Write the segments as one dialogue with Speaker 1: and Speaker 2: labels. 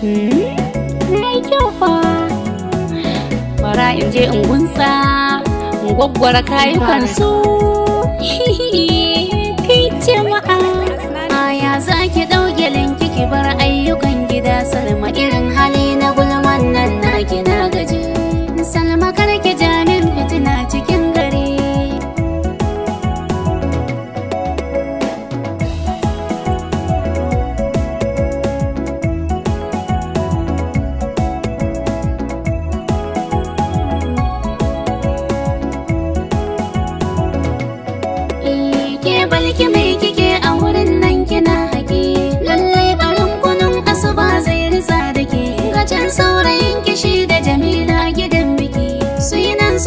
Speaker 1: Hmm? Mai kyau fa. Bara in je in gunsa, in gwaggwara kayukansu. Hihihi.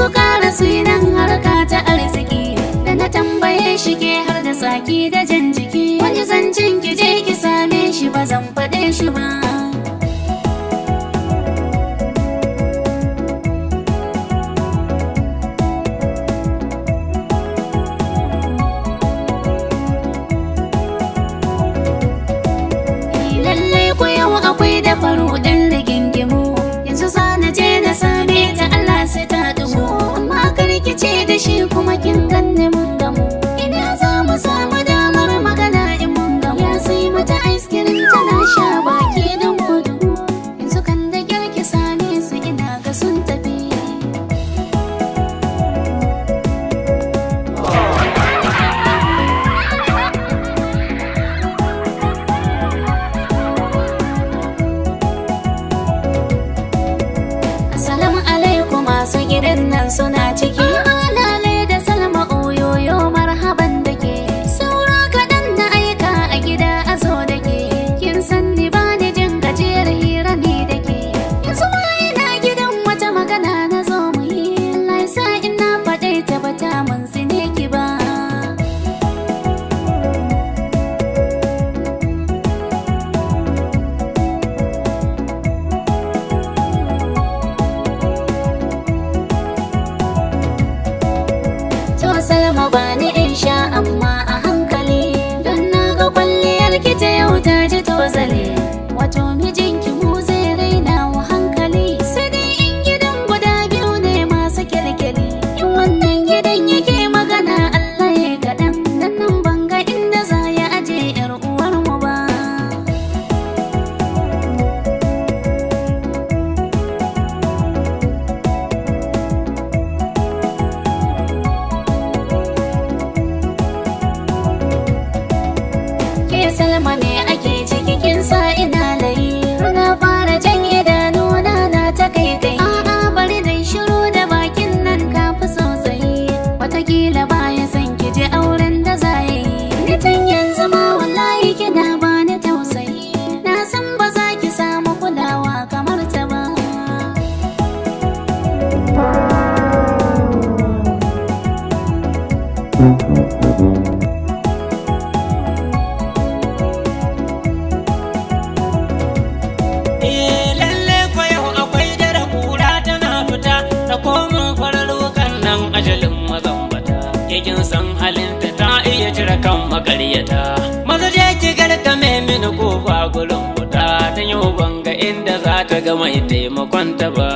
Speaker 1: su ƙara su nan harka ta arziki da na tambaye shi ke har da saki da jan jiki wani zancen ki je ki same shi ba zan faɗe shi ba akwai da faru da Yarinyar Salma me ake ciki kin sa ina layi Na fara jan idanuna na ta kai kai A'a bari dai shiru da bakin nan kafi fi sautsayi Watakila baya san ki je auren da za yi Ni tun yanzu ma wallahi kina ba ni tausayi Na san ba za ki samu kulawa kamar ta ba Thank mm-hmm. you. makaryata maza je garka mai mini kofa gurin kuta ta yau banga inda za ta ga mai taimakon ta ba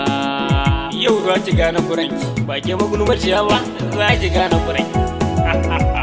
Speaker 1: yau za ki gane kuranki ba ke magulmaciya ba za ki gane kuranki